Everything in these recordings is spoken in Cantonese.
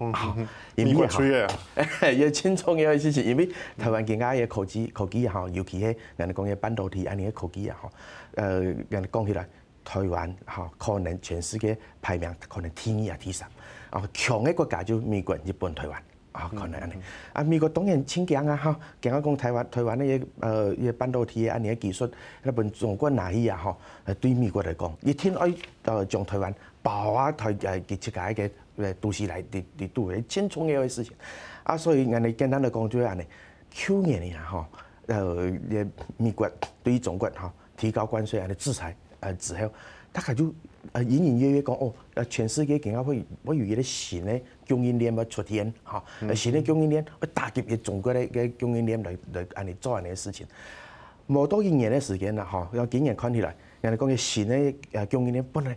嗯，因為好，美國衰啊，要青創要支持，因為，啊、呵呵因為台灣其他嘢科技科技嚇，尤其係人哋講嘅半導體，按呢嘅科技嚇，誒人哋講起來，台灣嚇可能全世界排名可能第二啊、第三、啊，啊強嘅國家就美國、日本、台灣，啊可能咁樣。嗯嗯啊美國當然傾計啱啱，啱啱講台灣台灣嘅誒嘅半導體按呢嘅技術，日本中國難啲啊，嗬，誒對美國嚟講，一天可以誒從台灣爆一台誒幾千架嘅。對，都是來的，得，得做，一千種樣式事情，啊，所以，人哋簡單來講，就係安尼，去年呢，哈，呃，美國對於中國哈，提高關稅，安尼制裁，呃之後，大家就，隱隱約約講，哦，全世界更加會，會有一個新的供應鏈要出現，哈、嗯，新的供應鏈會打擊一中國咧個供應鏈來，來安尼做安尼事情，冇到一年的時間啦，哈，咁今年看起來，人哋講嘅新嘅，呃，供應鏈本來。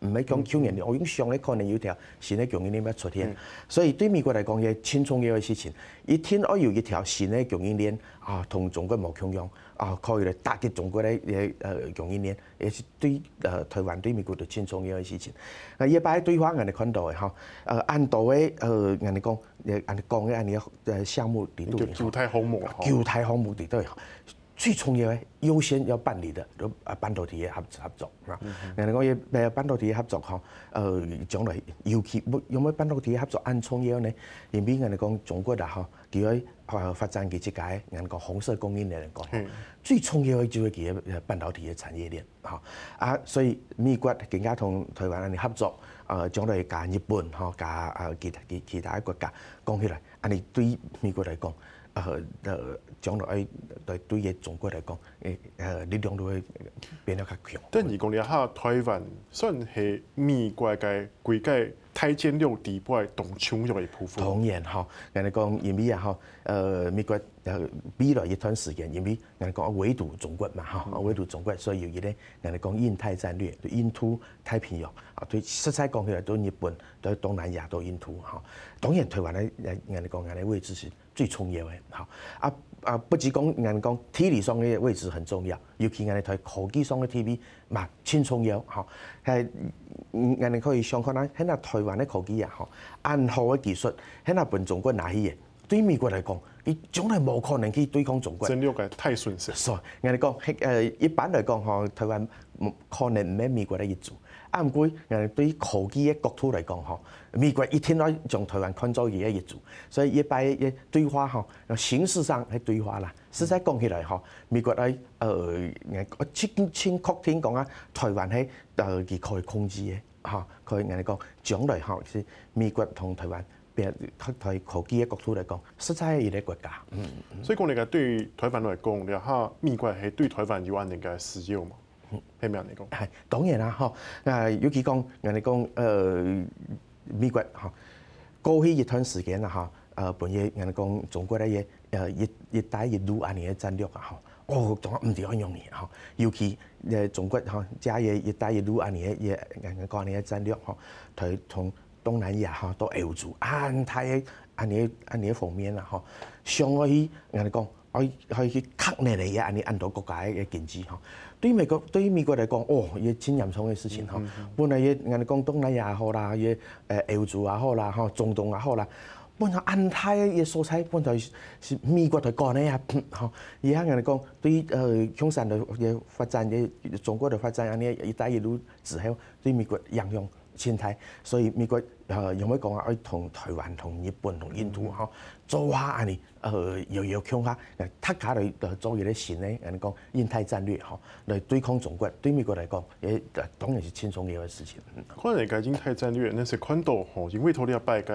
唔係講求人哋，我用、嗯嗯、上咧可能有條新咧供應鏈出現。所以對美國嚟講，嘢重要嘅一件事情，一天我有一條新咧供應鏈，啊同中國冇共樣，啊可以嚟打擊中國咧誒誒供應鏈，也是對誒、呃、台灣對美國都重要嘅一件事情。啊，一排對話人哋看到嘅嗬，誒按道理誒人哋講，人哋講嘅呢個項目點都好的。叫太荒無啊！叫太荒無點都好。最重要咧，優先要辦理的都啊，半導體嘅合合作，係嘛？人哋講嘢，誒，半導體嘅合作嗬，誒、呃，將來、嗯嗯、尤其有冇半導體嘅合作，按重要咧，前面人哋講中國啦嗬，佢喺發發展嘅世界，人講紅色供應鏈嚟講，嗯、最重要嘅就係佢嘅半導體嘅產業鏈嚇！啊、呃，所以美國更加同台灣嚟合作，誒、呃，將來加日本嗬，加啊其他其,其他國家講起來，人哋對美國嚟講。呃呃講落喺對對嘢中國來講，呃呃力量都會變得較強。即係而家你睇下台灣算是係美國嘅歸界太尖了，地界同中國係鋪滿。當然嚇，人哋講因為啊，呃，美、就是、呃，國呃比了一段時間，因為人哋講圍堵中國嘛嚇，嗯、圍堵中國。所以佢咧人哋講，印太戰略對印度太平洋啊，對，實際講起來都日本、對東南亞、都印度嚇，當然台灣咧人哋講人哋位置是。最重要嘅嚇，啊啊不止講人講體力上嘅位置很重要，尤其我哋睇科技上嘅 TV，嘛先重要嚇。係，人哋可以想看下喺那台灣嘅科技啊，吼，任好嘅技術，喺那笨中國拿去嘅，對美國來講，佢總係冇可能去對抗中國。侵略太損失。係、so，人哋講，誒一般來講嗬，台灣可能唔喺美國嚟做。按規，誒，對於科技嘅國土嚟講嚇，美國一天到從台灣看做伊嘅業主，所以一班一對話嚇，形式上嘅對話啦，實際講起來嚇，美國誒誒，我、呃、清清確聽講啊，台灣係誒佢可以控制嘅，嚇，可以誒嚟講，將來可能是美國同台灣，別喺台科技嘅國土嚟講，實際係一個國家。嗯嗯、所以你嚟對於台灣嚟講，你嚇美國係對台灣有按個使用嘛？係咪人哋講？係當然啦，嗬！啊，尤其講人哋講，誒美、呃、美國嚇過去一段時間啦，嚇誒本嘢人哋講中國咧嘢誒一帶一路啊呢個戰略啊，嗬！哦，仲唔掂用嘅，嗬！尤其誒中國嚇加嘅一帶一路啊呢嘢嘢，人哋講呢個戰略嗬，佢從東南亞嚇到歐洲，啊，睇嘅啊呢啊呢方面啦，嗬！上嗰啲人哋講。可以可以去吸你哋嘢，啱啱印度國家嘅經濟，對美國對美國來講，哦，一千嚴重嘅事情，本來嘢人哋講東南亞也好啦，嘢誒歐洲也好啦，哈，中東也好啦，本來安泰嘅嘢蔬菜，本來是是美國嘅國內啊，哈，而家人哋講，對於呃向山度嘅發展，嘅中國嘅發展，呢一帶一路之後，對美國影響。前台，所以美國呃，有咩講啊？可同台灣、同日本、同印度嚇做下，係咪誒又有哈呃，嚟睇下嚟做啲啲新咧？人講印太戰略嚇，來對抗中國。對美國嚟講，誒當然是輕鬆嘅一件事情。可能係個印太戰略咧，是寬度，因為頭兩擺個。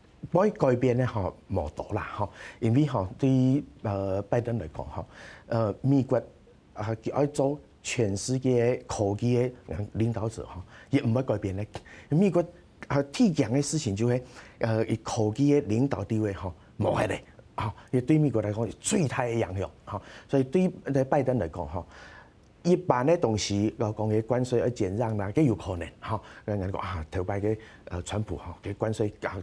唔會改變的嚇，冇到啦嚇，因為對於呃拜登來講嚇，呃，美國啊要做全世界科技嘅領導者嚇，亦唔會改變的，美國啊最緊嘅事情就係呃，以科技嘅領導地位嚇，冇係咧嚇，因為對美國來講是最大的影響嚇，所以對對拜登來講嚇。一般咧東西，我講起關稅，要減讓啦，皆有可能，哈。人講啊，頭擺個呃川普，哈，佮關稅加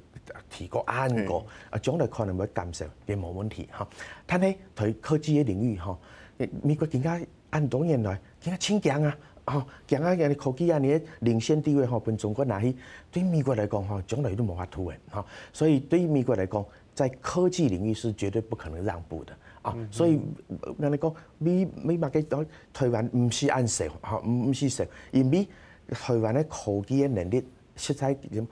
提高啊，個啊將是來可能會減少，佮冇問題，哈。但係在科技嘅領域，哈，美國更加按多年來更加搶啊，哈，搶啊，人哋科技啊嘢領先地位，哈，分中國拿去，對美國來講，哈，將來有啲無法突圍哈。所以對於美國來講，在科技領域是絕對不可能讓步的。所以人哋講美美國嘅台台灣唔是安成嚇，唔唔是成，因為台灣嘅科技嘅能力實在點，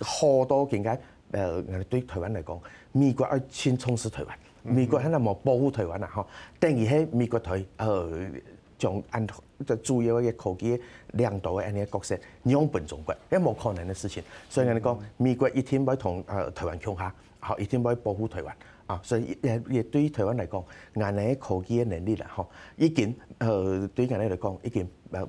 好多嘅嘢誒人哋對台灣嚟講，美國要先重視台灣，美國肯定冇保護台灣啊嚇，定而係美國佢誒將按就主要嘅科技領導嘅呢個角色讓俾中國，呢冇可能嘅事情，所以人哋講美國一定唔可以同誒台灣強下，嚇一定唔可以保護台灣。啊！所以也也對於台灣來講，我哋嘅科技嘅能力啦，嗬，已經誒對於我哋嚟講已經誒。嗯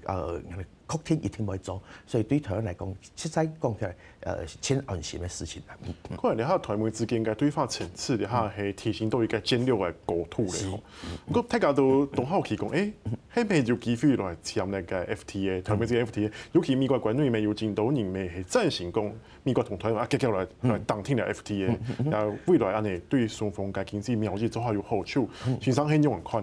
誒擴、呃、天一定冇做，所以對台灣來講，實在講起誒係很安心嘅事情啦。可能你睇台灣之間的對對層次次都係提醒到一個重要嘅過度嚟。我睇到仲有提供誒，係咪要機會落嚟簽呢個 FTA？台灣個 FTA，尤其美國國內面有幾多人係贊成講，美國同台灣啊，繼續來、嗯、來談聽呢 FTA，然後未來啊，呢對雙方嘅經濟貿易做好有好處，其實係很用心。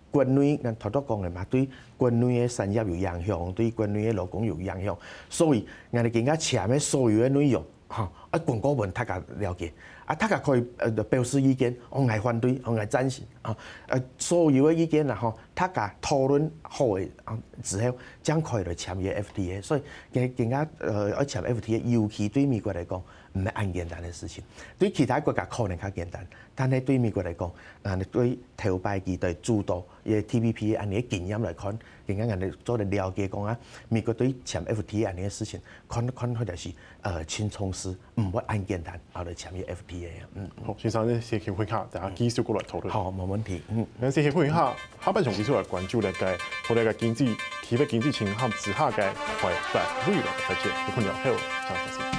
國內，人大多講嘅嘛，對國內嘅產業有影響，對國內嘅勞工有影響，所以人哋更加簽嘅所有嘅內容，吼、啊，啊廣告們大家了解，啊大家可以誒表示意見，我來反對，我來贊成，嚇啊，所有嘅意見討論好家啊，之後，然後將來嚟簽嘅 F T A。所以人人家誒要簽 F T A，尤其對美國來講。唔係按簡單的事情，對其他國家可能較簡單，但係對美國來講，啊，對頭拜期在主導嘢 TPP，啊，你經驗來看，經驗啊，你做嚟了解講啊，美國對簽 FTA，呢個事情，看，看佢哋是，呃，輕重視，唔會按簡單，啊，就簽 FTA 啊。嗯，嗯。好，先生呢，先休息下，等下家繼續過來討論。好，冇問題。嗯。咁，先休息下哈，下半場繼續來關注嘅，我哋個經濟，特別經濟情況之下嘅快速發展。再見，不客氣。